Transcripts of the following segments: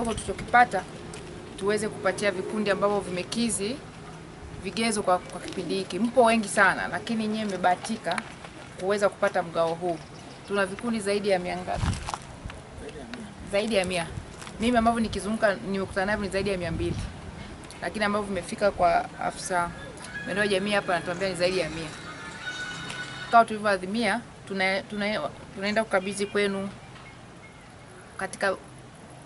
kidogo tulichokipata tuweze kupatia vikundi ambavyo vimekizi vigezo kwa, kwa kipindi hiki. Mpo wengi sana, lakini nyewe mmebahatika kuweza kupata mgao huu. Tuna vikundi zaidi ya mia ngapi? Zaidi ya mia. Mimi ambavyo nikizunguka nimekutana navyo ni zaidi ya mia mbili, lakini ambavyo vimefika kwa afisa maendeleo ya jamii hapa anatuambia ni zaidi ya mia. Kama tulivyoadhimia, tunaenda tuna, tuna, tuna kukabidhi kwenu katika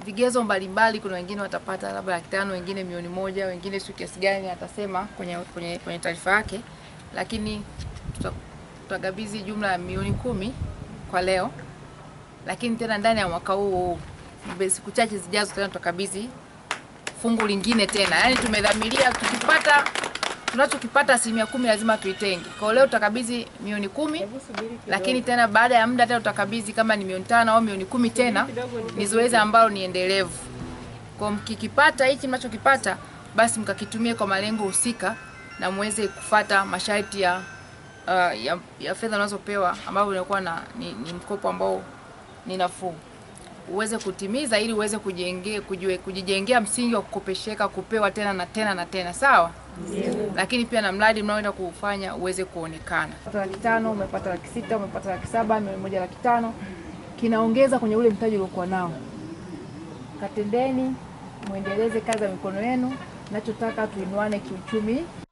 vigezo mbalimbali. Kuna wengine watapata labda laki tano, wengine milioni moja, wengine sio kiasi gani atasema kwenye, kwenye, kwenye taarifa yake, lakini tutagabizi jumla ya milioni kumi kwa leo, lakini tena ndani ya mwaka huu siku chache zijazo tena tutakabidhi fungu lingine tena, yaani tumedhamiria tukipata tunachokipata asilimia kumi lazima tuitenge. Kwa leo utakabidhi milioni kumi, lakini tena baada ya muda tena utakabidhi kama ni milioni tano au milioni kumi tena. Ni zoezi ambalo ni endelevu. Kwa mkikipata hiki mnachokipata, basi mkakitumie kwa malengo husika na muweze kufata masharti ya, uh, ya, ya fedha unazopewa ambayo inakuwa na ni, ni mkopo ambao ni nafuu uweze kutimiza ili uweze kujijengea kujijengea msingi wa kukopesheka kupewa tena na tena na tena sawa yeah. Lakini pia na mradi mnaoenda kuufanya uweze kuonekana. pata laki tano, umepata laki sita, umepata laki saba, milioni moja laki tano, kinaongeza kwenye ule mtaji uliokuwa nao. Katendeni, mwendeleze kazi ya mikono yenu. Nachotaka tuinuane kiuchumi.